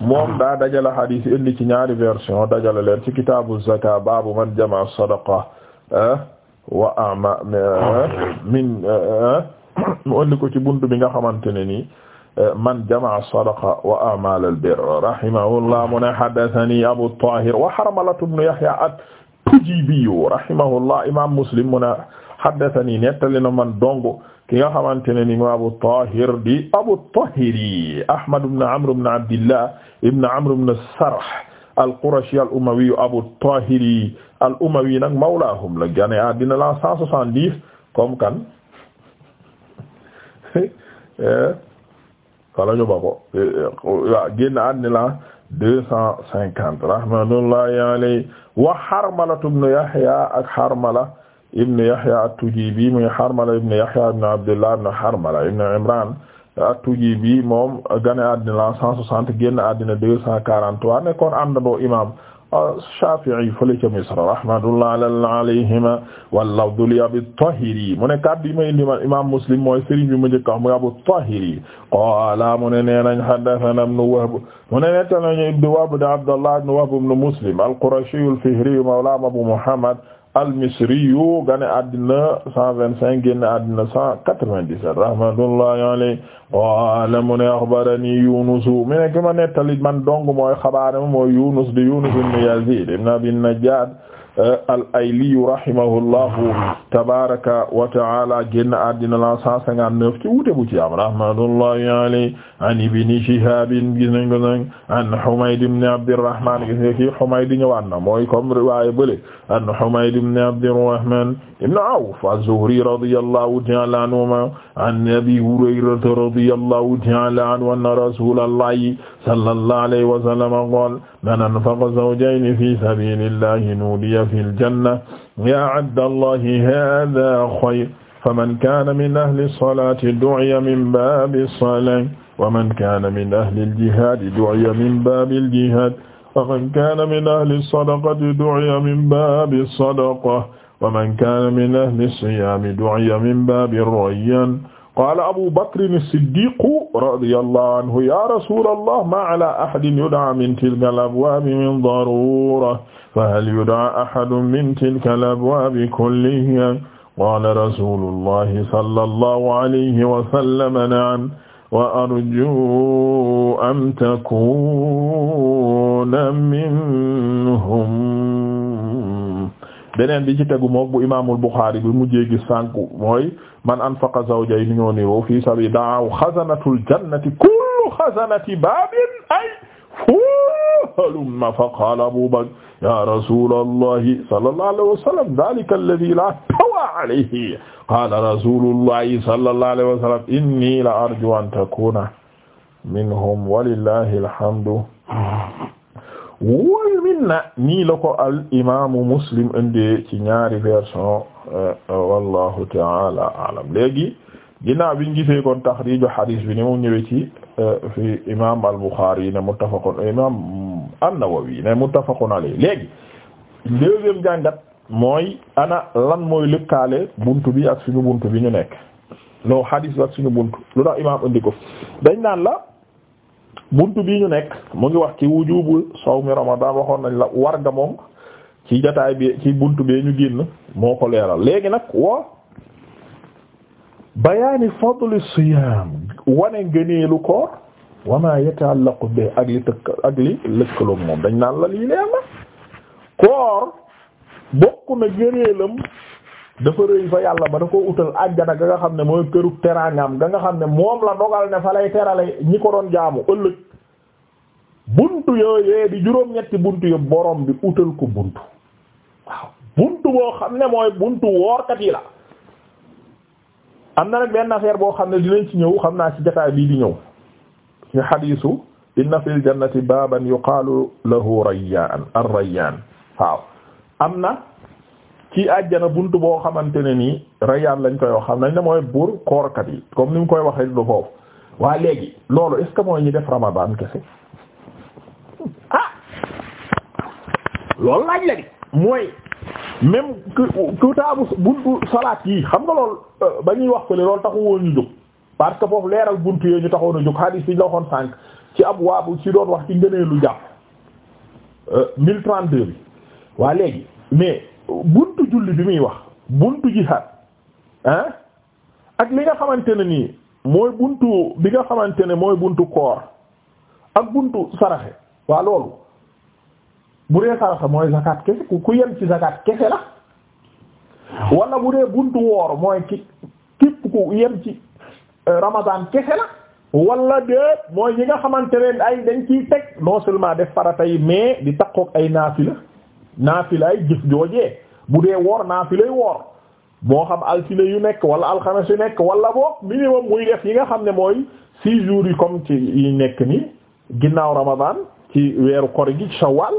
moom daa dajale hadith indi ci ñaari version dajale leen ci kitaabu zaka baabu man jamaa sadaqa eh, wa ama eh, min eh, mu indi ko ci buntu bi nga xamante ne nii man jamaa sadaqa wa amal al birr rahimahullah mu ne haddathani abu tahir wa harmalatu ibn yahya at-tujibi rahimahullah imam muslim mu ne haddathani nettali na man dong ki nga xamante ne ni ma Abu Tahir di Abu Tahiri Ahmad ibn Amr ibn Abdillah ibn Amr ibn Sarh al-Qurashi al-Umawi Abu Tahiri al-Umawi nag mawlaahum la gane àddina la 170 comme kan wala ñu ba ko waaw génn àddina la 250 rahmatullahi alayhi wa Harmala ibn Yahya ak Harmala ibn Yahya at-Tujibi muy Harmala ibn Yahya ibn Abdullah ibn Harmala ibn Imran at-Tujibi moom gane àddina la 160 génn àddina 243 nekkoon àndandoo imaam Shafi'i fële ca Misra rahmatullahi alayhima wal-lafdu li Abi Tahiri mu ne kaddu yi ma indi imaam Muslim mooy Serigne bi ma njëkk a wax muy Abu Tahiri qaala mu ne nee nañ haddathana ibn Wahb mu ne nettali nañu ibn Wahb Abdullah ibn Wahb ibn Muslim al-Qurashi al-Fihri mawla Abu Muhammad al-Misriyu gane addina cent vingt-cinq génn addina cent quatre-vingt-dix-sept rahmatullahi alayhi wala mu ne axbarani Yunus mi ne ki ma nettali man dong mooy xabaar mooy Yunus di Yunus ibn Yazid ibn Abi Najjad Euh, al ayliyu rahimahullahu tabaraka wa taala génn àddina la 159 ci wuute bu ci am rahmatullahi alayhi an ibni Shihab gis nañ ko nag an Humayd ibn Abdirrahman gis nga kii Humayd ñëwaat na mooy comme riwaaya bële an Humayd ibn Abdirrahman ibn Awf az-Zuhri radiyallahu ta'ala anhuma an Abi Hurayrata radiyallahu ta'ala anhu anna rasulallahi sallallahu alayhi wa sallam qala danan faqa zawjayni fi sabilillahi nuudiya fil janna ya abdallahi hada xayr faman kaana min ahli salaati du'iya min baabi salaat wa man kaana min ahli al-jihaadi du'iya min baabi al-jihaad wa man kaana min ahli sadaqati du'iya min baabi sadaqa wa man kaana min ahli siyaami du'iya min baabi rayyan qaala abu bakrin as-siddiqu radiyallahu anhu ya rasulallah ma ala ahadin yud'a min tilka al-abwaabi min darura fahal yud'a ahadun min tilka al-abwaabi kulliha qaala rasulullahi sallallahu alayhi wa sallam na'am wa arju an takuna minhum beneen bi ci tegu mook bu imaamul Buxaari bi mujjee gis sànq mooy man anfaqa zawjay ni ñoo niroo fii sabi daaw xazanatul jannati kullu xazanati baabin ay fuhalumma faqaala Abu Bakr ya rasulallahi sallallahu alayhi wa sallam dhalika alladhi la tawa alayhi qaala rasulullahi sallallahu alayhi wa sallam inni la arju an takuna minhum walillahi alhamdu wal minna nii la ko al imaamu muslim indee ci ñaari version euh, euh, wallahu taala alam léegi ginnaaw biñ gisee kon taxriiju xadiis bi ni mu ñëwee ci euh, fi imaam al buxaari ne muttafaqun imaam an-nawawi ne muttafaqun alayhi léegi deuxième jàngat mooy ana lan mooy lëkkaale bunt bi ak suñu bunt bi ñu nekk loo xadiis bi ak suñu bunt lu tax imaam indi ko dañ naan la buntu bi ñu nekk mu ngi wax ci wujubu sawmi ramadan waxoon nañ la war nga moom ci jataay bi ci buntu be ñu génn moo ko leeral léegi nag woo bayaani fadli siyaam wane ngëneelu koor wa maa yata'allaqu bi ak li tëkk ak li lëkkaloog moom dañ naan la lii leer na koor bokk na ngëneelam dafa rëy fa yàlla ba da ko utal àjjana ga nga xam ne mooy këru teraangam ga xam ne moom la dogal ne fa lay terale ñi ko doon jaamu ëllëg buntu yooyee di juróom-ñetti buntu yu borom bi utal ko buntu waaw boo xam ne mooy buntu woorkat la am na nag benn affaire boo xam ne dinañ ci ñëw xam naa ci jotaay bii di ñëw ñu xadiisu inna fil jannati baaban yuqaalu lahu rayyaan ar-rayyaan waaw am na ci àjjana bunt boo xamante ne nii rayaan lañ koy wax xam nañ ne mooy buur koorkat yi comme ni mu koy waxee lu foofu waa léegi loolu est ce mooy ñu def ramadan kese ah loolu laaj la di mooy même kitaabu buntu salaat yi xam nga lool euh, ba ñuy wax fële loolu taxu woon ñu jóg parce que foofu leeral bunt yee ñu taxoon a jóg hadis bi ñu la sànq ci ab waabu ci doon wax ci ngëneelu jàpp 1032 euh, bi waa léegi mais. buntu julli bi muy wax buntu jihaad ah ak li nga xamante ne nii mooy buntu bi nga xamante ne mooy buntu koor ak buntu saraxe waa loolu bu dee saraxe mooy zakat kese ku ku yem ci zakat kese la wala bu dee buntu woor mooy ki képp ku yem ci euh, ramadan kese la wala déet mooy ñi nga xamante ne ay dañ ciy teg non seulement def farata yi mais di takkook ay naafila naafilaay jëf joojee bu dee woor naafilay woor moo xam altine yu nekk wala alxames yu nekk wala boog minimum muy def yi nga xam ne mooy six jours yi comme ci yi nekk ni ginnaaw ramadan ci weeru kor gi ci sa shawwal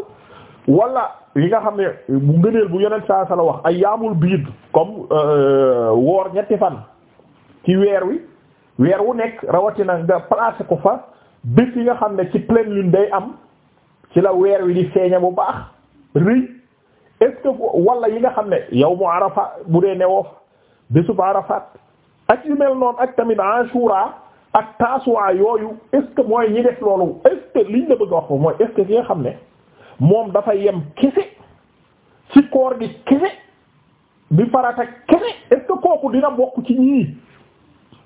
walla yi nga xam ne bu ngëneel bu yonent saa sala wax ay yaamul biir comme euh, woor ñetti fan ci weer wi weer wu nekk rawatina nga placé ko fa bés yi nga xam ne ci pleine lune day am ci la weer wi di feeña bu baax rëy est ce wala yi nga xam ne yow mu arafa bu dee newoof bésub arafat ak yu mel noon ak tamit ashura ak taasuwaa yooyu est ce que mooy ñi def loolu est ce que liñ la bëgg a wax mooy est ki nga xam ne moom dafa yem kese ci koor gi kese bi farata kese est kooku dina bokk ci ñii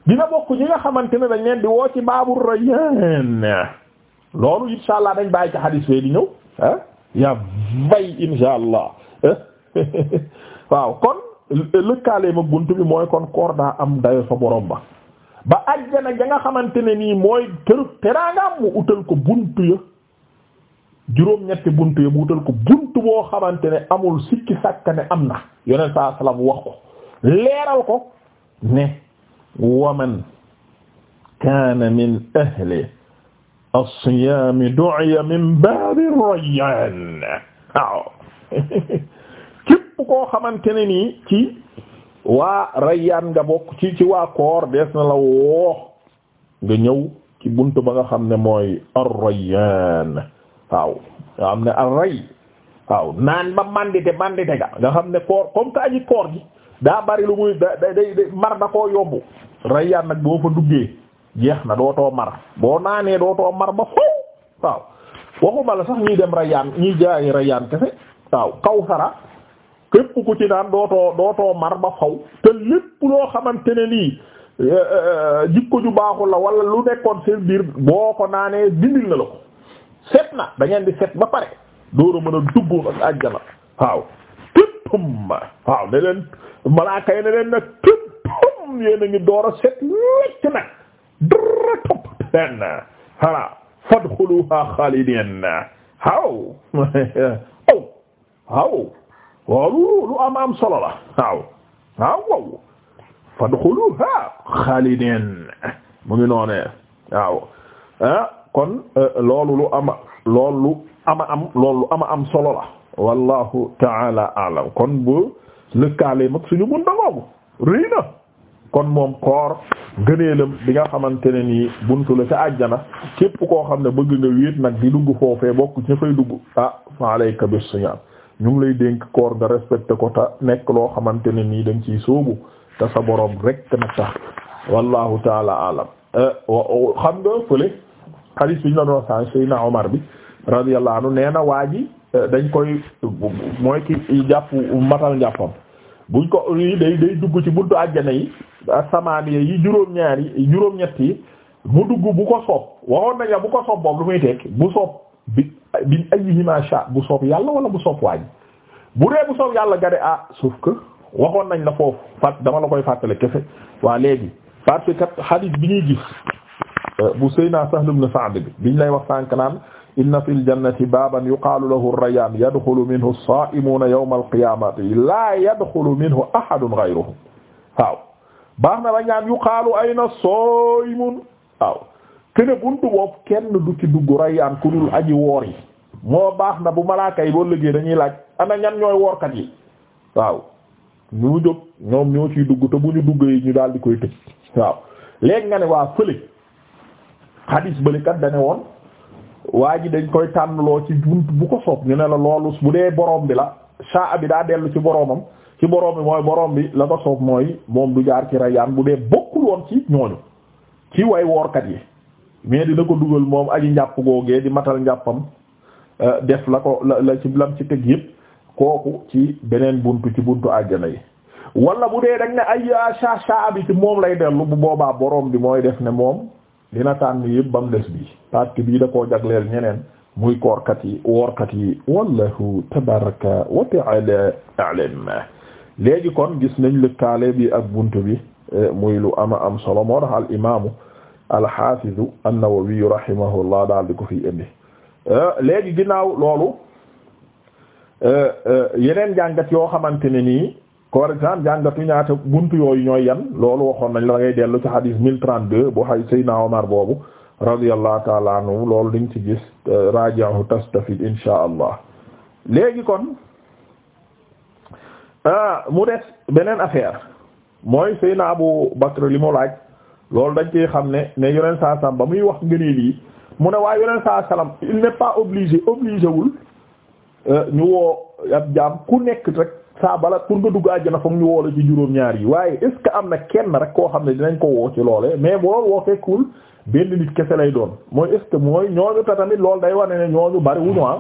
dina bokk ñi nga xamante ne dañ leen di woo ci baabur rayyan loolu inshallah dañ bàyyi ci hadis fee di ñëw ah yaa vay insha allah waaw kon lëkkaale ma bunt bi mooy kon koor daa am dayo fa borom ba ba àjjana ja nga xamante ne nii mooy kër teraangaam mu utal ko bunt ya juróom-ñetti bunt ya mu utal ko bunt boo xamante ne amul sikki sàkka am na yoneen saa salaam wax ko leeral ko ne waman kaana min ahli as-siyaami du'iya min baabi rayyaan waaw képp koo xamante ne nii ci waa rayyaan nga bokk ci ci waa koor dees na la woo nga ñëw ci bunt ba nga xam ne mooy ar waaw nga xam ne ar-ray waaw naan ba mandite mandite ga nga xam ne koor comme que aji koor gi daa bari lu muy mar da koo yobbu rayyaan nag boo fa duggee jeex na dootoo mar boo naanee dootoo mar ba foofu waaw waxuma la sax ñuy dem Rayaan ñuy jaay Rayaan kese waaw Kawsara képp ku ci naan dootoo mar ba faw te lépp loo xamante ne nii eh, eh, eh, jikko ju baaxul la wala lu nekkoon seen biir boo ko naanee dindil na la ko set na da ngeen set ba pare dóora mën a dugg ak àjjana waaw képpam waaw ne nag képpam ngi door a set wecc nag dara topp leen voilà fadxuluha xaalidin waaw aw waaw loolu lu am am solo la waaw waaw fadxuluha xaalidin mu ngi noonee eh, eh, lu ama am loolu ama solo la wallahu taala alam kon bu lëkkaale mag suñu bundangoogu rëy na kon moom koor gëneelam bi nga xamante ne nii buntu la ca àjjana képp koo xam ne bëgg nga wéet nag di dugg foofee bokk ña dugg ah fa alayka bis siyaam ñu lay dénk koor nga respecté ko ta nekk loo xamante ne nii dañ ciy sóobu te sa boroom rek na tax wallahu taala alam eh, xam nga fële xadiis bi na la doon saan Seydina Omar bi radiyallahu anhu nee na waa ji eh, dañ koy mooy ki jàpp matal njàppam buñ ko yi day day dugg ci buntu àjjana yi ah, samaaniya yi juróom-ñaar yi juróom-ñett yi mu dugg bu ko soob waxoon nañ la bu ko soob boobu lu muy tekk bu soob bi bi ayyihima sha bu soob yàlla wala bu soob waaj bu dee bu soob yàlla gade ah sauf que waxoon nañ la foofu fàtt dama la koy fàttale kese waa léegi parce que bi ñuy gis euh, bu Seydina Sahl ibn Sa'd bi biñ lay wax sànk naan inna fil jannati baaban yuqaalu lahu ar-rayyaan yadxulu minhu as-saa'imuuna yawma al-qiyaamati laa yadxulu minhu ahadun ghayruhu waaw baax na ba ñaan yuqaalu ayna as-saa'imuun waaw kene buntu boobu kenn du ci dugg rayyaan ku dul aji moo baax na bu malaaka yi boo liggéey dañuy laaj ana ñan ñooy woorkat yi waaw ñu ñoom ñoo ciy dugg ñu dugg yi ñu daal di koy tëj waaw léegi nga waa fële xadis bële kat ne woon. waa ji dañ koy tànnloo ci bunt bu ko soob ñu ne la loolu bu dee borom bi la saa bi daa dellu ci boroomam ci borom bi mooy borom bi la ko soob mooy moom du jaar ci rayaan bu dee bokkul woon ci ñooñu ci way woorkat yi mais dina ko dugal moom aji njàpp googee di matal njàppam euh, def la ko la la ci lam ci teg yëpp kooku ci beneen buntu ci buntu àjjana yi wala bu dee dañ ne ay ah, saa saa bi ci moom lay dellu bu boobaa boroom bi mooy def ne moom. dina tànn yëpp ba mu des bi parce que bii da koo jagleel ñeneen muy koorkat yi woorkat wallahu tabaraka wa ta'ala a'lam léegi kon gis nañ lëkkaale bi ak bunt bi e, muy lu ama am solo moo tax al imaamu al xaafizu an-Nawawi rahimahullah daal di ko fi indi e, léegi ginaaw loolu e, yeneen jàngat yoo xamante ne nii ko war exemple jàngatu ñaata buntu yooyu ñooy yan loolu waxoon nañ la da ngay dellu ci hadis 1032 bu xay Seydina Omar boobu radiyallahu taala anhu loolu dañ ci gis euh, rajahu tastafid insha allah léegi kon ah, mu des beneen affaire mooy Seydina Abu Bakr li laaj loolu dañ koy xam ne ne yoneen saa salam ba muy wax ngëneel yi mu ne waaye yoneen saa salam il n'est pas obligé obligé wul euh, ñu woo ab jaam ku nekk rek saa bala pour nga dugg àjjana foog ñu woola ci juróom-ñaar yi waaye est am na kenn rek koo xam ne dinañ ko woo ci loole mais boo woo fekkul benn nit kese lay doon mooy est ce que mooy ñooñu te tamit loolu day wane ne ñooñu bari wuñu ah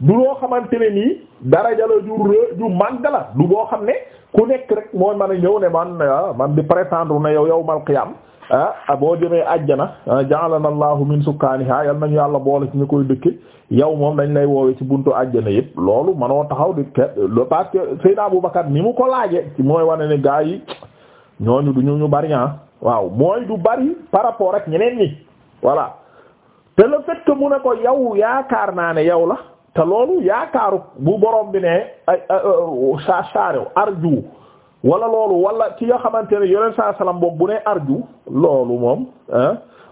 du loo xamante ne nii daraja la ju ju màgg la du boo xam ne ku nekk rek mooy man a ñëw ne man ah, man di prétendre ne yow yow mal qiyam ah boo demee ajjana ah, ja'alana allahu min sukkaaniha yal nañu yàlla boole si ñu koy dëkke yow moom dañ lay woowe ci buntu ajjana yëpp loolu manoo taxaw di ke parce que Seydina Abubakar ni mu ko laaje ci mooy wane ne gaa yi ñooñu du ñu ñu bari ah. waaw mooy du bari par rapport ak ñeneen ñi voilà te mu ne yow yaakaar naa ne yow la te loolu yaakaaru bu borom bi ne ay euh, saa saare arju wala loolu wala ki nga xamante ne yoneen saa bu ne arju loolu moom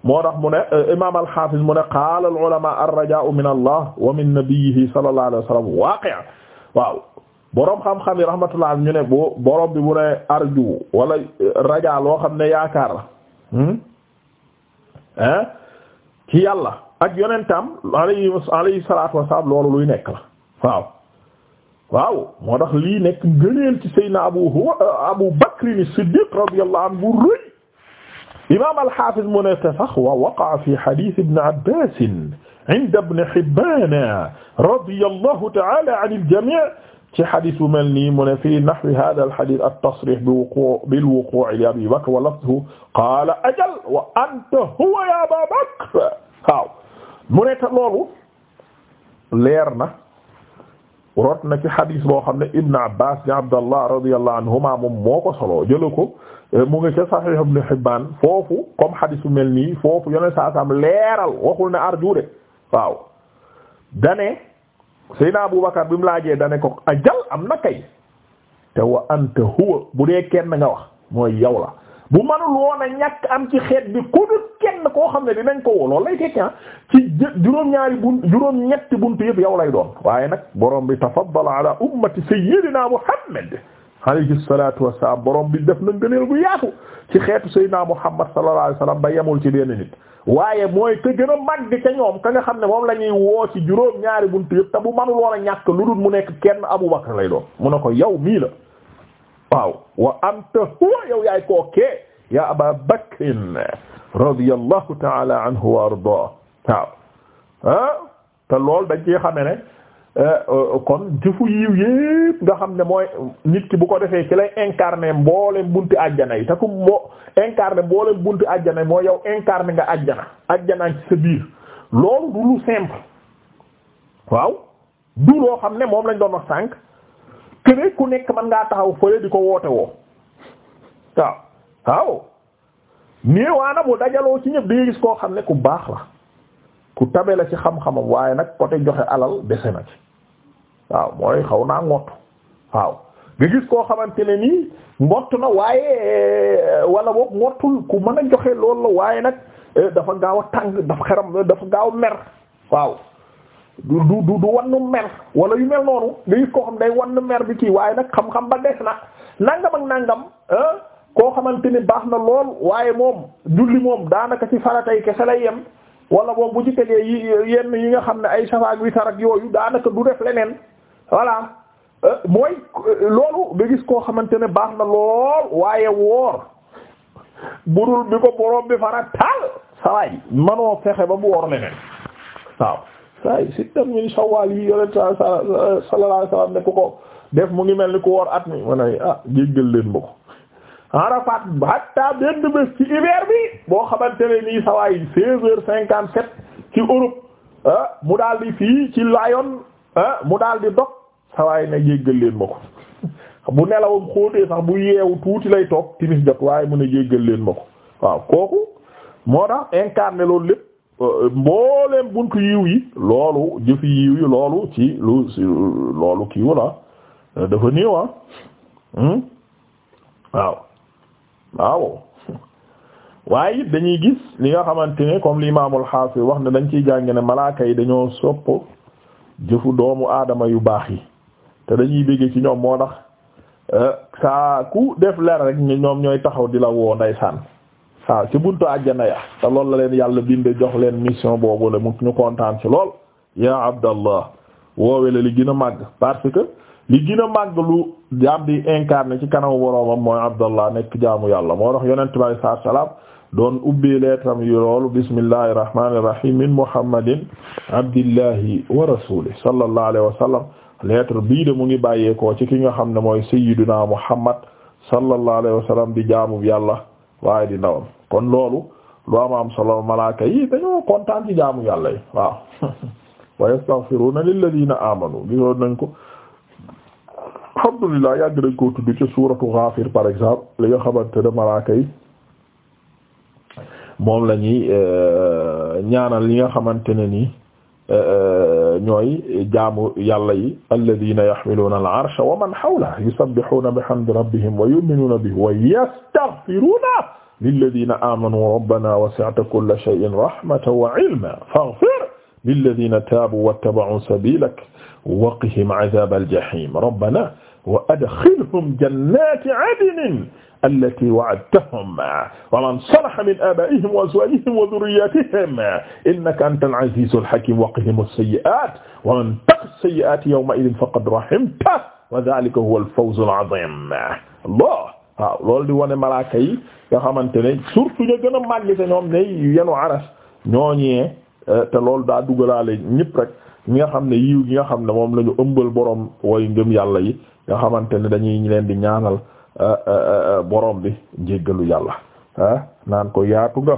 moo tax mu ne euh, imaam al-Hafiz mu ne qaala al-ulama ar-rajaa'u min Allah wa min nabiyyihi sallallahu alayhi waaw boroom xam-xam yi rahmatullah ñu ne bu boroom bi bu ne arju wala euh, rajaa loo xam ne yaakaar la hmm, ci yàlla ak yonentam alayhi alayhi salaatu wa salaam loolu luy nekk waaw waaw moo tax lii nekk ngëneel ci Seydina Abu Abu Bakr as-Siddiq radiyallahu anhu bu rëy imaam al-Hafiz mu ne te sax wa waqa'a fi hadith Ibn Abbas inda Ibn Hibban radiyallahu ta'ala an al-jami' ci hadith bu mel nii mu ne fi nahwi hadha al-hadith at-tasrih biwuqu' bil-wuqu' li Abi Bakr wa lafzuhu qala ajal wa anta huwa ya Aba Bakr waaw mu ne te loolu leer na rot na ci xadis boo xam ne Ibn Abbas di Abdallah radiyallahu anhuma moo ko solo jëla ko eh, mu ngi ca Sahih Ibn Hibban foofu comme xadis mel ni foofu yoneen saa sam leeral waxul ne arju de waaw dane Seydina Abu Bakar bi mu laajee dane ko ajal am na kay te wa anta huwa bu dee kenn nga wax mooy yow la bu manul woon a ñàkk am ci xeet bi ku dul kenn koo xam ne dinañ ko wolool lay tekki ah ci juróom-ñaari bunt juróom-ñetti bunt yëpp yow lay doon waaye nag borom bi tafaddala ala ummati sayyidina Muhammad alayhi salatu wassalam borom bi def na ngëneel bu yaatu ci xeetu sayyidina Muhammad sallallahu alayhi wasallam ba yemul ci benn nit waaye mooy te gën a màgg ca ñoom ka nga xam ne moom la ñuy woo ci juróom-ñaari bunt yëpp te bu manul woon a ñàkk lu dul mu nekk kenn Abu Bakr lay doon mu ne ko yow mii la waaw wa anta huwa yow yaay kookee ya aba bakrin radiyallahu ta'ala anhu wa ardaa waaw ah, te loolu dañ ci xame ne eh, kon jëfu yiw yépp nga xam ne mooy nit ki bu ko defee ci lay incarné mboolem bunti àjjana yi te ku mbo incarné mboolem bunti àjjana yi mooy yow incarné nga àjjana àjjana ci sa biir loolu du lu simple waaw du loo xam ne moom lañ doon wax sànq kene ku nekk mën ngaa taxaw fële di ko woote woo waaw waaw néewaana dajaloo ci ñëpp di gis koo xam ne ku baax la ku tabe la ci xam-xamam waaye nag côté joxe alal dese na ci waaw mooy xaw naa ngott waaw nga gis koo xamante ne nii ngott na waaye walla boog ngottul ku mën a joxe lool la waaye nag eh, dafa gaaw a tàng dafa xeram dafa gaaw a mer waaw du du du du mer wala yu mel noonu nga gis koo xam day wannu mer bi kii waaye nag xam-xam ba des na nangam ak nangam koo xamante ni baax na lool waaye moom julli moom daanaka ci faratay kese lay yem wala moom bu ci tegee yi yenn yi nga xam ne ay safaak wi tarak yooyu daanaka du def leneen voilà euh, mooy euh, loolu nga gis koo xamante ne baax na lool waaye woor burul bi ko borom bi sawaay manoo fexe ba bu woor leneen waaw say sittan min shawwal yi yonent sallallahu alayhi wasallam ne ku ko def mu ngi mel ni ku woor at mi ma ne ah, jéggal leen ba ko Arafat xamante ne nii sawaay seize cinquante sept ci ah, mu daal di fii ci Lyon ah, mu dal di dog sawaay ne jéggal leen ba ko bu nelawam xóotee sax bu yeewu tuuti lay toog timis jot waaye mu a jéggal leen ba ko waaw kooku moo tax incarné loolu lépp mbooleem buntu yiw yi loolu jëfi yiw yi loolu ci lu si loolu kii walla dafa néew ah hmm? waaw waaw waaye it dañuy gis li nga xamante ne comme l'imamul xaafis wax ne dañ ciy jàng ne malaaka yi dañoo sopp jëfu doomu aadama yu baax yi te dañuy bëgg ci ñoom moo tax euh, saa ku def leer rek ñoom ñooy taxaw di la woo waaw ci buntu àjjana ya te lool la leen yàlla binde jox leen mission boobu la mu ñu kontaan ci lool ya abdallah woowe la li gën a màgg parce que li gën a màgg lu jaam di incarné ci kanamu boroomam mooy abdallah nekk jaamu yàlla moo tax yonent bi saa salaam doon ubbi leetam yi loolu bismillahi rahmaani min muhammadin abdillahi wa rasuulihi sallallahu alayhi wa sallam lettre bii de mu ngi bàyyeekoo ci ki nga xam ne mooy sayyiduna muhammad sallallahu alayhi wa sallam di jaamu yàlla waaye di ndawam kon loolu lu am solo malaaka yi dañoo kontaan ci jaamu yàlla yi waaw wa yastaghfiruna lilladina amanu gisoon nañ ko alhamdulillah yàgg dañ koo tudd ci suuratu Ghafir par exemple li nga xamante ne malaaka moom la ñuy euh, ñaanal li nga xamante ne nii Eh, eh, ñooy jaamu yàlla yi alladina yaxmiluuna al arsha wa man xawla yusabbihuuna bihamdi rabbihim wa yuminuuna bihi wa yastaghfiruuna lilladina amanu rabbana wasi'ta kulla shay'in rahmatan wa ilman faghfir lilladina taabu wattaba'u sabilaka wa qihim adhaabal jahiim rabbana wa adxilhum jannaati adnin allati wa'adtahum wa man salaha min aabaa'ihim wa azwaajihim wa dhurriyyaatihim innaka antal aziizul hakiim waqihim as-sayyi'aat wa man taqa as-sayyi'aat yawma'idhin faqad rahimtahu wa dhaalika huwal fawzul 'aziim Allah waaw loolu di wane malaaka yi nga xamante ne surtout ñu gën a màgg te ñoom ñooy yenu aras ñooñee eh, te loolu daa dugalaale ñëpp rek ñi nga xam ne yiw gi nga xam ne moom la ñu ëmbal boroom way ngëm yàlla yi nga xamante ne dañuy leen di ñaanal eh, eh, eh, borom bi njéggalu yàlla ah, naan ko yaatu nga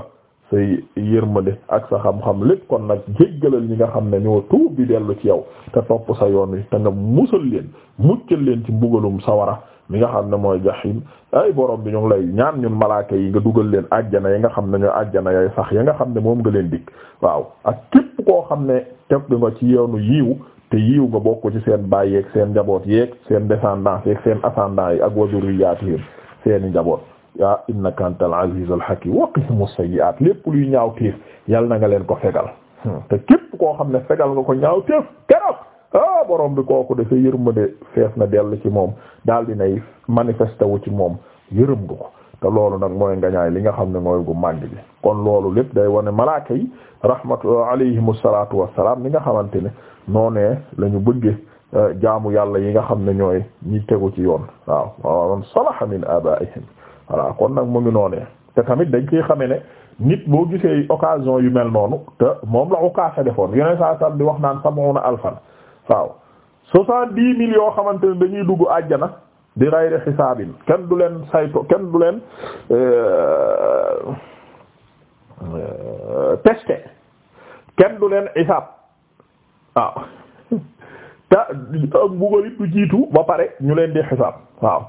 say yërmande ak sa xam-xam lépp kon nag jéggalal ñi nga xam ne ñoo tuub bi dellu ci yow te topp sa yoon wi te nga musal leen muccal leen ci mbugalum sawara mi nga xam ne mooy jaxiim ay borom bi ñu lay ñaan ñun malaaka yi nga dugal leen ajjana yi nga xam ne ñoo ajjana yay sax ya nga xam ne moom nga leen dikk waaw ak képp koo xam ne teg nga ci yoonu yiiw te yiw nga bokk ci seen baay yeeg seen njaboot yeeg seen descendance yeeg seen ascendant yi ak wa zurriyatihim seeni njaboot ya innaka antal aziz al hakim wa qihim sayyi'at lépp luy ñaaw téef yal na nga leen ko fegal hmm. te képp koo xam ne fegal nga ko ñaaw téef keroog ah borom bi kooku dafa yërmande fees na dell ci moom daal di nay manifesté ci moom yërëm nga ko te loolu nag mooy ngañaay li nga xam ne mooy gu màgg bi kon loolu lépp day wane malaaka yi rahmatu alayhimu salaatu wassalaam ni nga xamante ne noonee la ñu bëgge eh, jaamu yàlla yi nga xam ne ñooy ñi tegu ci yoon waaw waaw salaha min abaihim voilà kon nag mu ngi noonee te tamit dañ koy xame ne nit boo gisee occasion yu mel noonu te moom la ukaasa defoon yeneen saa sam bi wax naan samuuna alfan waaw soixante-dix mille yoo ne dañuy dugg àjjana di ray ghayri xisaabin kenn du leen sayto kenn du leen euh, testé kenn du leen xisaab waaw te ak mbugal du jiitu ba pare ñu leen di xisaab waaw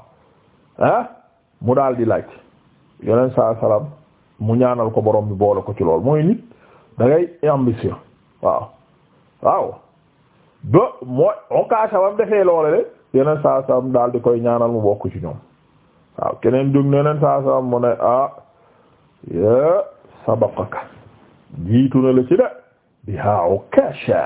ah mu daal di laaj yeneen saa salaam mu ñaanal ko borom bi boole ko ci lool mooy nit da ngay waaw waaw ba mooy occasion bam defee loole de yeneen saa saam daal di koy ñaanal mu bokk ci ñoom waaw keneen jóg neneen saa saam mu ne ah ya sabaqaka jiitu na la ci de biha Ukasha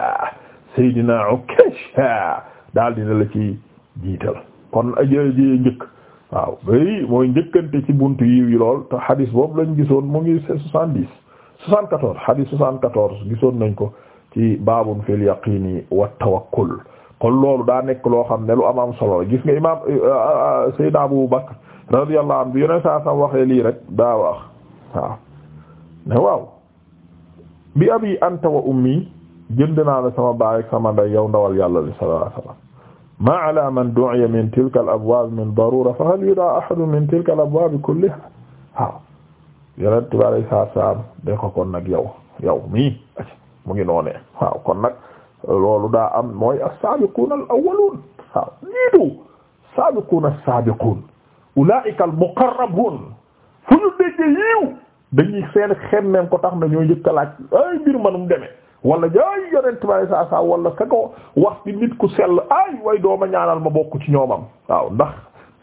Seydina Ukasha daal dina la ci jiital kon ajëjee njëkk waaw bay mooy njëkkante ci buntu yiw yi lool te xadis boobu lañ gisoon mu ngi soixante dix soixante quatorze xadis soixante quatorze gisoon nañ ko ci baabun fil yaqini wa tawakkul kon loolu daa nekk loo xam ne lu am am solo gis nga imaam euh, euh, euh, Seydina Abu Bakr radiyallahu anhu bi yoneen saa sam waxee lii rek daa wax waaw ne waaw bi abi anta wa ummi jënd naa la sama baay ak sama ndey yow ndawal yàlla li sallallahu alayhi wasallam ma ala man du'iya min tilka al abwaab min darura fa hal yudaa ahadun min tilka al abwaab kulliha waaw yonent bi alayhi salaam de ko kon nag yow yow mii mu ngi noonee waaw kon nag loolu daa am mooy as-sabiqun al-awwalun waaw niitu sabiqun as-sabiqun ulaika al fu ñu déggee yiiw dañuy seen xemmeen ko tax nañoo ñoo njëkkalaaj ay mbir manum deme wala jaay yonent bale saa saa wala ka ko wax di nit ku sell ay way dooma ñaanal ma bokk ci ñoomam waaw ndax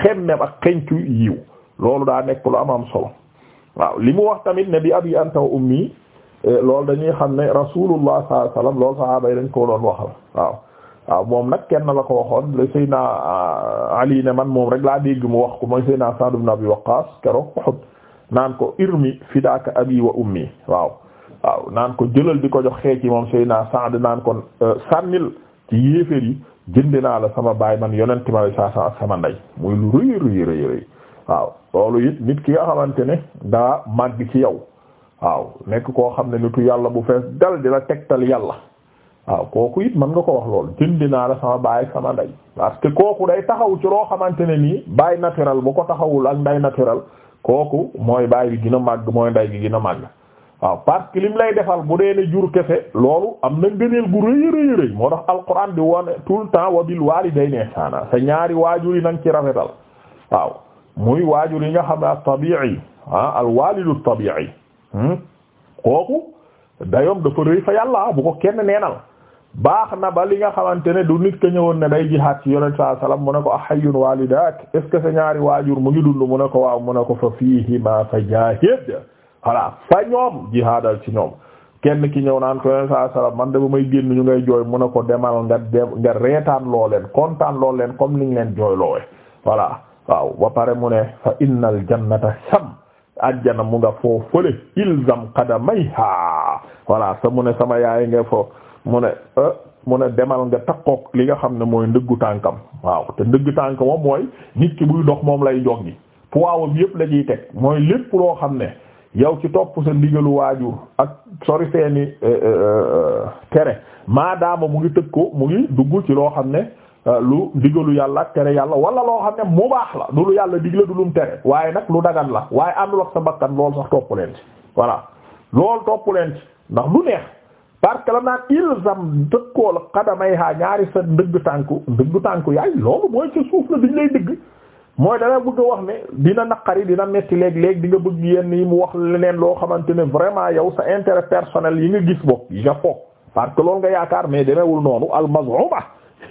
xemmem ak xencu yiiw loolu daa nekkul am am solo waaw li mu wax tamit ne bi abi anta ummi Eh, loolu dañuy xam ne rasulullah sallallahu alayhi wasallam yi dañ ko doon wax waaw waaw moom nag kenn la ko waxoon le Seydina ah, Ali ne man moom rek laa dégg mu wax ko mooy Seydina Sa'd ibn Abi Waqqas keroog Uhud naan ko irmi fidaaka abi wa ummi waaw naan ko jëlal di ko jox xeec yi moom Seydina Sa'd naan ko eh, sànnil ci yéeféer yi naa la sama baay man yonente ma la saa muy lu rëy rëy rëy waaw loolu it nit ki nga xamante ne daa màgg ci yow waaw nekk koo xam ne nitu yàlla bu fees dal di la tegtal yàlla waaw kooku it mën nga ko wax loolu jëndi naa la sama baay ak sama nday parce que kooku day taxaw ci loo xamante ne nii bàyyi naturel bu ko taxawul ak nday natural kooku mooy bàyyi bi gën màgg mooy nday bi gën a màgg waaw parce que lim lay defal bu dee ne jur kese loolu am na ngëneel gu rëy rëy rëy moo tax alquran di wane tout le temps wa bil walidayni ihsana sa ñaari waajur yi nañ ci rafetal waaw muy waajur yi nga xam ne at-tabi'i ah al walidu at-tabi'i Hmm? kooku dayoom dafa rëy fa yàlla bu ko kenn neenal baax na ba li nga xamante ne du nit ka ñëwoon ne day jihaat ci yonent saa salaam mu ne ko ahayyun ah, walidaak est ce sa ñaari waajur mu ngi dund mu ne ko waaw mu a ko fa fiihima fa jaahid voilà fa ñoom jihaadal ci ñoom kenn ki ñëw naan ko yonent saa salaam man de ba may génn ñu ngay jooy mu ne ko demal nga dem nga reetaan loo leen kontaan loo leen comme niñ leen jooy loowe voilà waaw ba pare mu ne fa innal jannata sam ajjana mu nga foo fële ilzam qadamayha voilà sa mu ne sama yaay nga fo mu ne euh, mu ne demal nga takkook li nga xam ne mooy ndëggu tànkam waaw te ndëggu tànkam mooy nit ki buy dox moom lay joggi poids bi yëpp la ciy teg mooy lépp loo xam ne yow ci topp sa ndigalu waajur ak sori seeni euh, euh, tere maadaama mu ngi tëg ko mu ngi dugg ci loo xam ne Euh, lu digalu yàlla ak tere yàlla wala loo xam ne mu baax la du lu yàlla digla du lum tere waaye nag lu dagan la waaye am ak sa bakkan loolu sax topp leen ci voilà loolu topp leen ci ndax du neex parce que la naan ilzam dëkkool xadamay ha ñaari sa ndëgg tànku ndëgg tànku yaay loolu mooy ci suuf la diñ lay dëgg mooy dana bëgg a wax ne dina naqari dina metti léeg-léeg di nga bëgg yenn yi mu wax leneen loo xamante ne vraiment yow sa intérêt personnel yi nga gis bopp yi nga parce que loolu nga yaakaar mais demeewul noonu al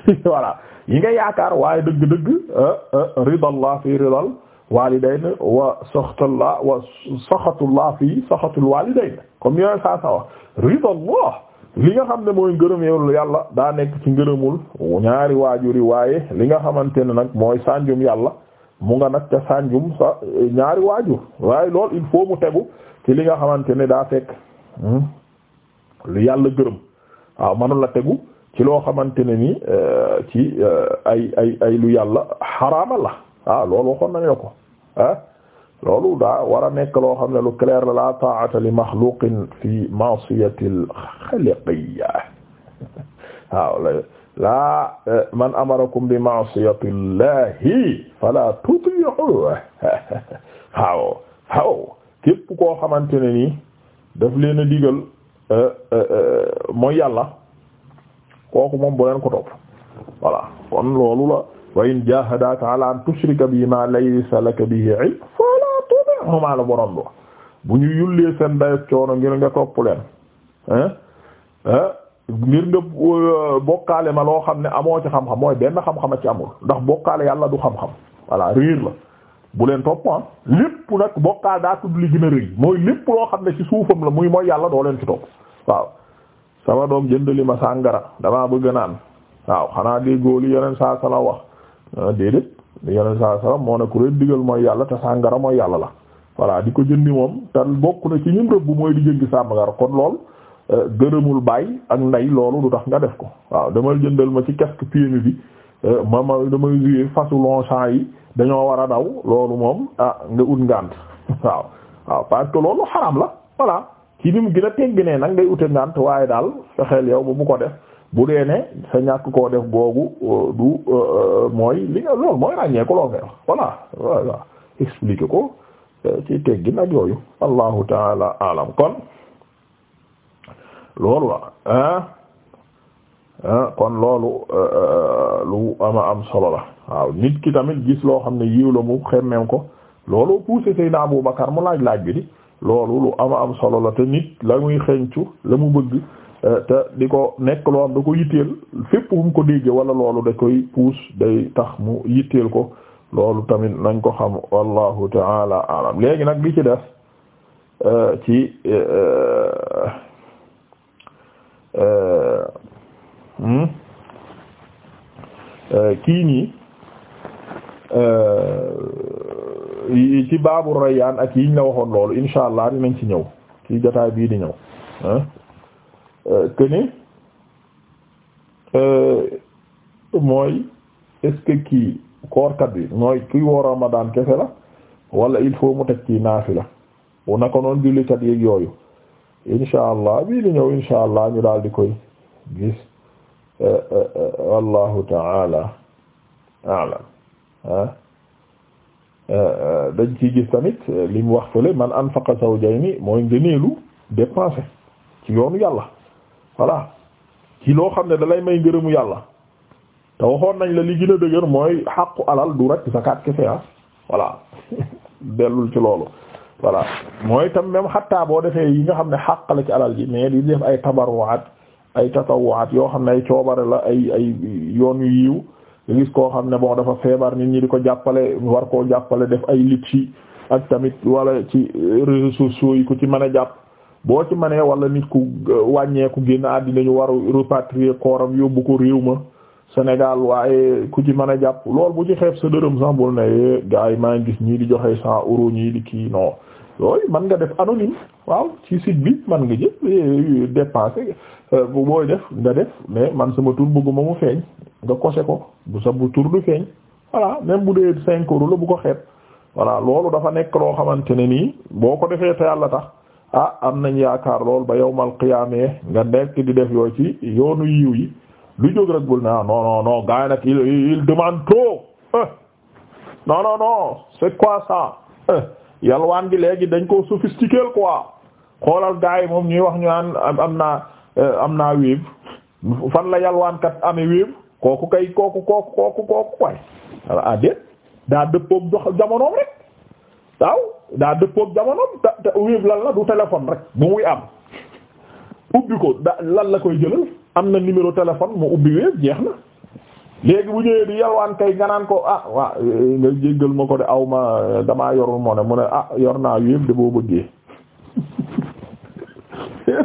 voilà yi nga yaakaar waaye dëgg-dëgg euh, euh, ridallah fi ridal walidayn wa saxatullah wa saxatullah fi saxatul walidayn comme yooyu saa sa wax li nga xam ne mooy ngërëm yow yàlla daa nekk ci ngërëmul ñaari waajur waaye li nga xamante ne nag mooy sànjum yàlla mu nga nag ca sànjum sa euh, ñaari waajur waaye lool il faut mu tegu ci li nga xamante ne daa fekk hmm, lu yàlla gërëm waaw manula tegu ci loo xamante ne ni euh, ci euh, ay ay ay lu yàlla xaraama la ah loolu ah, daa war nekk loo xam ne lu clair la la li maxluqin fi ma'siyatil xaliqiyya waaw laa euh, man amarakum bi ma'siyatillahi fala tuti'uhu waaw waaw képp koo xamante ne ni daf mooy yàlla kooku moom bu leen ko topp voilà kon loolu la wa in jahadaka ala an tushrika bi ma laysa laka bihi ilm fala tuti'huma la borom bu ñu yullee seen dayo coono ngir nga topp leen ah ngir nga euh, bokkaale ma loo xam ne amoo ci xam-xam mooy benn xam-xam a ci amul ndax bokkaale yàlla du xam-xam voilà riir la bu leen topp ah nag bokkaale daa tudd li gën a rëy mooy lépp loo xam ne ci suufam la muy mooy yàlla doo leen ci topp waaw sama doom jëndali ma sàngara damaa bëgg naan waaw xanaa déggoo li yeneen saa sala wax ah, déedéet li yeneen saa sala moo ne ku leen digal mooy yàlla te sàngara mooy yàlla la voilà di ko jëndi moom te bokk na ci ñun rëbb mooy di jëndi sàngara kon lool eh, gërëmul baay ak ndey loolu du tax nga def ko waaw damal jëndal ma ci casque PMU bi eh, ma ma damay jouer fasu Longchamp yi dañoo war a daw loolu moom ah nga ut ngànt waaw parce que loolu xaram la voilà ci ni mu gën a tegg ne nag ngay ute ngànt waaye daal fexeel yow ba bu ko def bu dee ne sa ñàkk koo def googu euh, du euh, euh, mooy li nga loolu mooy ràññee ko lool ngay wax ko ci teggi nag yooyu allahu taala alam kon loolu la kon loolu lu ama am solo la waaw nit ki tamit gis loo xam ne yiw la mu xemmem ko loolu poussé Seydina Abou Bakar mu laaj laaj bi di loolu lu ama am solo la te nit la muy xencu la mu bëgg eh, te di ko nekk loo da ko yitteel fépp mu ko déggee wala loolu da koy puus day tax mu yitteel ko loolu tamit nañ ko xam wallahu taala alam léegi nag bi ci def eh, ci eh, hmm? kii nii ci baabu Rayaan ak yiñ la waxoon loolu insha allah dinañ ci ñëw ci jotaay bii di ñëw euh, que ni euh, mooy est kii koorkat bi mooy kii woor Ramadan kese la wala il faut mu teg ci naafila wu na ko noon jullikat yeeg yooyu insha allah bii di ñëw insha allah ñu daal di koy gis euh, wallahu ta'ala a'lam ah dañ ciy gis tamit euh, li mu wax fële man anfaqa zawjayni mooy ngëneelu dépenser ci yoonu yàlla voilà ci loo xam ne dalay may ngërëmu yàlla te waxoon nañ la li gën a dëgër mooy xàqu alal du rek zakat kese ah dellul ci loolu voilà mooy tam même xattaa boo defee yi nga xam ne xàq ci alal ji mais di def ay tabarwaat ay tatawwaat yoo xam ne ay coobare la ay ay yoon yu yiw nga gis koo xam ne boo dafa feebar nit ñi di ko jàppale war koo jàppale def ay litchi ak tamit wala ci réseaux sociaux yi ku ci mën a jàpp boo ci manee wala nit ku euh, wàññeeku génn àddina ñu war a repatrier kooram yóbbu ko réew ma Sénégal waaye ku ci mën a jàpp lool bu ci xeeb sa dërëm sax bul ne eh, gars yi maa gis ñii di joxe cent euros ñii di kii non yooyu mën nga def anonyme waaw ci site bi man nga jël eh, dépenser euh, booy def nga def mais man sama tur mu feeñ nga kose ko bu sa bu tur du feeñ voilà même bu dee cinq euros la bu ko xeet voilà loolu dafa nekk loo xamante ne nii boo ko defee te yàlla tax ah am nañ yaakaar lool ba yawmal qiyaamee nga nekk di def yoo ci yoonu yiw yi lu jóg rek bul na ah, non non non gars yi nag il il demande trop eh, non non non c'est quoi ça eh, yalwaan gi léegi dañ koo sophistiqué quoi xoolal gars yi moom ñuy wax ñu am am naa eh, am naa wéeb fan la yalwaankat amee wéeb kooku kay kooku kooku kooku kooku koy ah déet daa dëppoog jox jamonoom rek waaw daa dëppoog jamonoom te te wéeb lan la du téléphone rek bu muy am ubbi ko da lan la koy jëlal am na numéro téléphone mu ubbi wéeb jeex na léegi bu ñëwee di yalwaan kay nga ko ah waa nga jéggal ma ko de aw damaa yorul moo ne mu ne ah yor naa wéeb de boo bëggee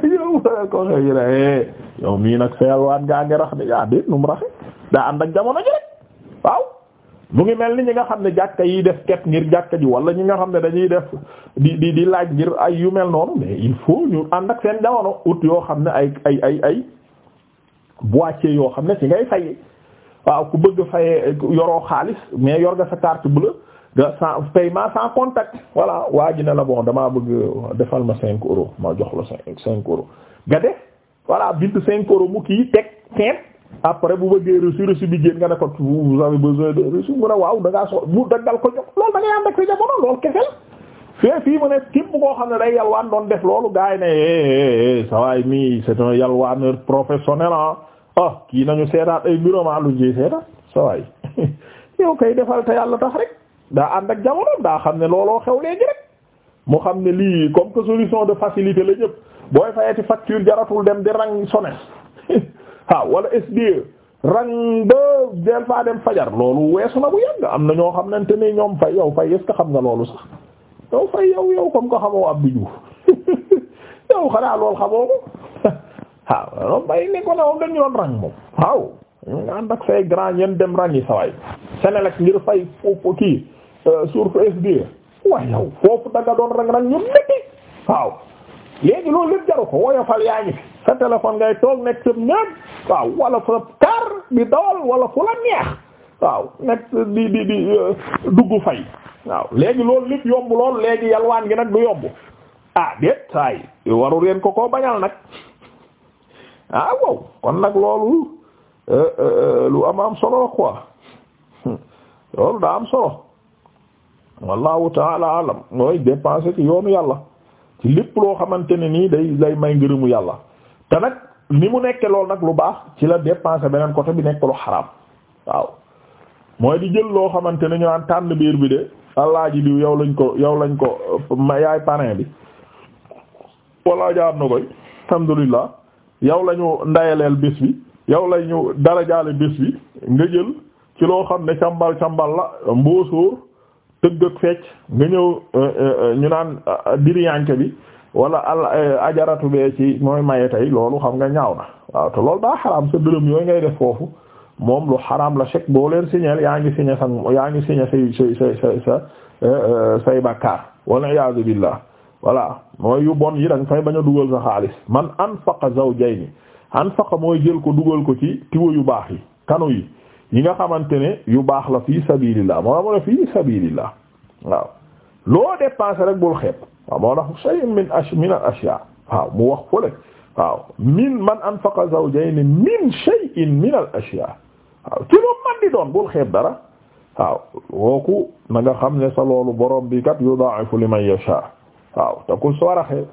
yow ko eh, nag sa yalwaan ngaa ngi rax de yaa déet nu mu daa ànd ak jamono ji rek waaw mu ngi mel ni ñi nga xam ne jàkka yi def ket ngir jàkka ji wala ñi nga xam ne dañuy def di di di laaj ngir ay yu mel noonu mais il faut ñu ànd ak seen jamono ut yoo xam ne ay ay ay ay boîtier yoo xam ne ci ngay fay waaw ku bëgg fayee yoroo xaalis mais yor nga sa carte bleue nga sans paiement sans contact voilà waa ji ne la bon damaa bëgg defal ma cinq euros ma jox la cinq cinq euros nga def voilà bind cinq euros mu kii teg cinq après bu bëggee reçu reçu bi génn nga ne ko vous avez besoin de reçu mu ne waaw da ngaa daggal ko jox loolu da ngay ànd ak sa jamono loolu kese la fii mu ne képp koo xam ne day yalwaan doon def loolu gaay yi ne sa eh, eh, eh, waay mi c'est un yalwaaneur professionnel ah ah kii nañu seetaat ay bureau ma ah, lu seetaat sa yow kay defal te yàlla tax rek daa ànd ak jamono daa xam ne looloo xew léegi rek mu xam ne lii comme que solution de facilité la ñëpp booy fayati facture jaratul dem di rang sonné waaw wala SDE rang ba des fois dem fajar loolu weesu na bu yàgg am na ñoo xam nante ne ñoom fay yow fay est xam nga loolu sax yow fay yow yow comme ko xamoo Abdou Diouf yow xanaa loolu xamoo ko waaw loolu bay ni ko doon rang moom waaw ñu nga ànd ak say grand ñen dem rang yi saway Senelec ngir fay foofu kii euh, surtout SDE waaye yow foofu danga doon rang rang ñu nekk waaw léegi loolu lépp jaru ko woyofal yaa ngi fi sa téléphone ngay toog nekk sa néeg waaw wala sa car bi dawal wala fu waaw nekk di di di euh, dugg fay waaw léegi loolu lépp yomb lool léegi yalwaan gi nag du yomb ah déet saa yi reen ko koo bañal nag ah wow kon nag loolu euh, euh, lu am am solo quoi loolu daa am solo wallahu taala alam mooy dépenser ci yoonu yàlla ci lépp loo xamante ne nii day lay may ngërëmu yàlla te nag ni mu nekke lool nag lu baax ci la dépenser beneen côté bi nekk lu xaraam waaw mooy di jël loo xamante ne ñu naan tànn biir bi de alaaji diw yow lañ ko yow lañ ko yaay parrain bi walla jaar na koy alhamdulillah yow lañu ndayaleel bés bi yow lañu darajaale bés bi nga jël ci loo xam ne càmbal càmbal la mbóosóor tëgg ak fecc nga ñëw euh, euh, euh, ñu naan diriyanke bi wala al ajaratu bee ci mooy maye tey loolu xam nga ñaaw na waaw te loolu daa xaraam sa dërëm yooyu ngay def foofu moom lu xaraam la chèque boo leen signé yaa ngi signé sa yaa ngi signé say say say sa say bakkaar wala iyaazu billah voilà mooy yu bon yi da nga fay bañ a dugal sa xaalis man anfaqa zawjayni anfaqa mooy jël ko dugal ko ci tiwo yu baax yi kanu yi. yi nga xamante ne yu baax la fii sabilillah moo moo la fii sabilillah waaw loo dépensé rek bul xeeb moo tax mu wax fële waaw min man anfaqa zawjayn min shay'in min al ashya waaw ci moom man di doon bul xeeb dara waaw wooku na nga xam ne sa loolu borom bi kat yudaa'ifu liman yasha waaw te ku soraxe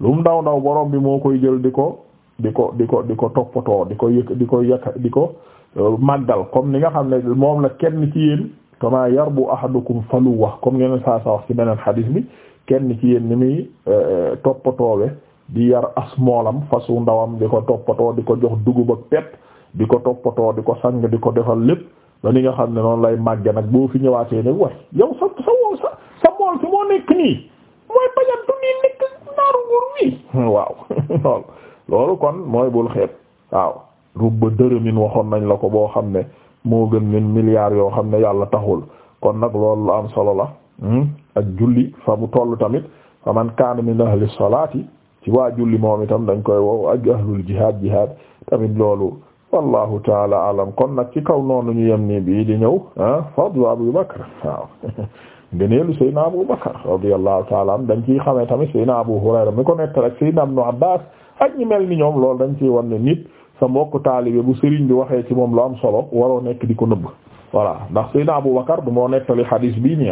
lu mu ndaw ndaw borom bi moo koy jël di ko di ko di ko toppatoo di ko yëkk di ko yëkk di ko màggal comme ni nga xam ne moom la kenn ci yar bu yarbu ahadukum faluwa comme ngeen saa sa wax ci beneen xadis bi kenn ci yéen ni muy euh, toppatoowe di yar as moolam fasu ndawam di ko toppatoo di ko jox dugub ak pepp di ko toppatoo di ko sang di ko defal lépp ba nga xam ne noonu lay màgge nag boo fi ñëwaatee ne way yow sa sa woo sa sa mool fi moo nekk nii mooy bañat du nii nekk naaru wóor wi waaw loolu kon mooy bul xeet waaw rubba min waxoon nañ la ko boo xam ne moo gën min milliar yoo xam ne yàlla taxul kon nag loolu am solo la hmm? ak julli fa mu toll tamit fa man kaana min ahli salaati ci waa julli moom itam dañ koy wow ak ahlul jihad jihad tamit loolu wallahu taala alam kon nag ci kaw noonu ñu yem ni bii di ñëw ah fadlu Abu Bakr waaw ngëneelu Seydina Abu Bakr radiyallahu taala an dañ ciy xamee tamit Seydina Abu Hurayra mi ko nekk rek Seydina Ibnu Abbaas ak ñi mel dañ ciy nit sa mbokk taalibe bu sëriñ bi waxee ci moom lu am solo waroo nekk di ko nëbb voilà ndax Seydina Abu Bakar du moo nettali xadiis bii nii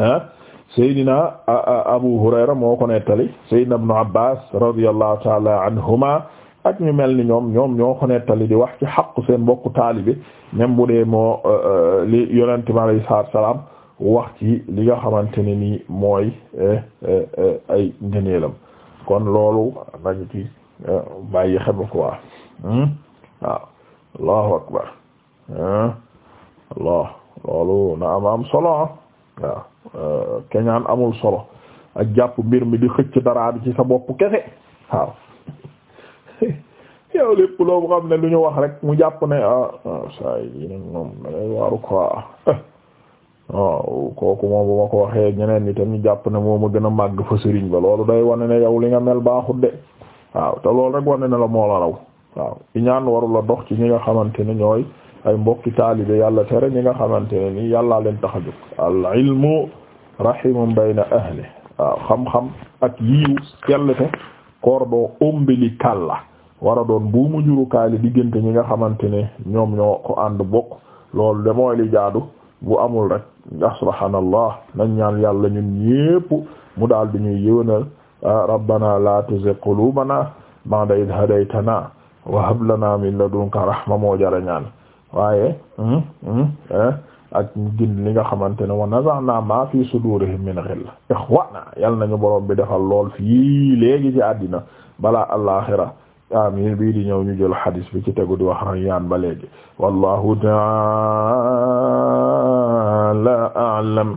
ah Seydina Abu Hurayra moo ko nettali Seydina Ibnu Abbaas radiyallahu taala anhuma ak ñu mel ni ñoom ñoom ñoo ko nettali di wax ci xaqu seen mbokku taalibe même bu dee moo euh, euh, li yonente bi alayhi salaam wax ci li nga xamante ne nii mooy eh, eh, eh, ay ngëneelam kon loolu nañu ci bàyyi xel quoi waaw hmm? ah, allahu akbar hmm? allah loolu na am am solo ah waaw euh, keñaan amul solo ak jàpp mbir mi di xëcc dara ci sa bopp kese waaw yow lépp loo xam ne lu ñu wax rek mu jàpp ne ah, ah saa yi nag moom dangay waaru quoi waaw kooku moom bu ma ko waxee ñeneen ñi tamit jàpp ne moom a gën a màgg fa sëriñ ba loolu day wane ne yow li nga mel baaxut de waaw te loolu rek wane na la moo la raw waaw iñaan warula dox ci ñi nga xamante ne ñooy ay mbokki taalibe yàlla tere ñi nga xamante ne nii yàllaa leen tax a jóg al ilmu rahimun bayna ahli waaw xam-xam ak yiiw sellte cordon ombilical la war doon bu mu jurukaay diggante ñi nga xamante ne ñoom ñoo ko ànd bokk loolu de mooy li jaadu bu amul rek subhaanallah nañ ñaan yàlla ñun ñépp mu daal di ñuy yëwénal Ah, rabbana la tuzigh qulubana ba'da idh hadaytana wa hab lana min ladunka rahma moo jara ñaan waaye hmm, hmm, eh, ak gin li nga xamante ne wa naza'na ma fi sudurihim min ghill ikhwana yal nañu borom bi defal lool fii léegi ci àddina balaa alaaxira amin bii di ñëw ñu jël xadis bi ci tegu di wax Rayyaan ba léegi wallahu ta'ala a'lam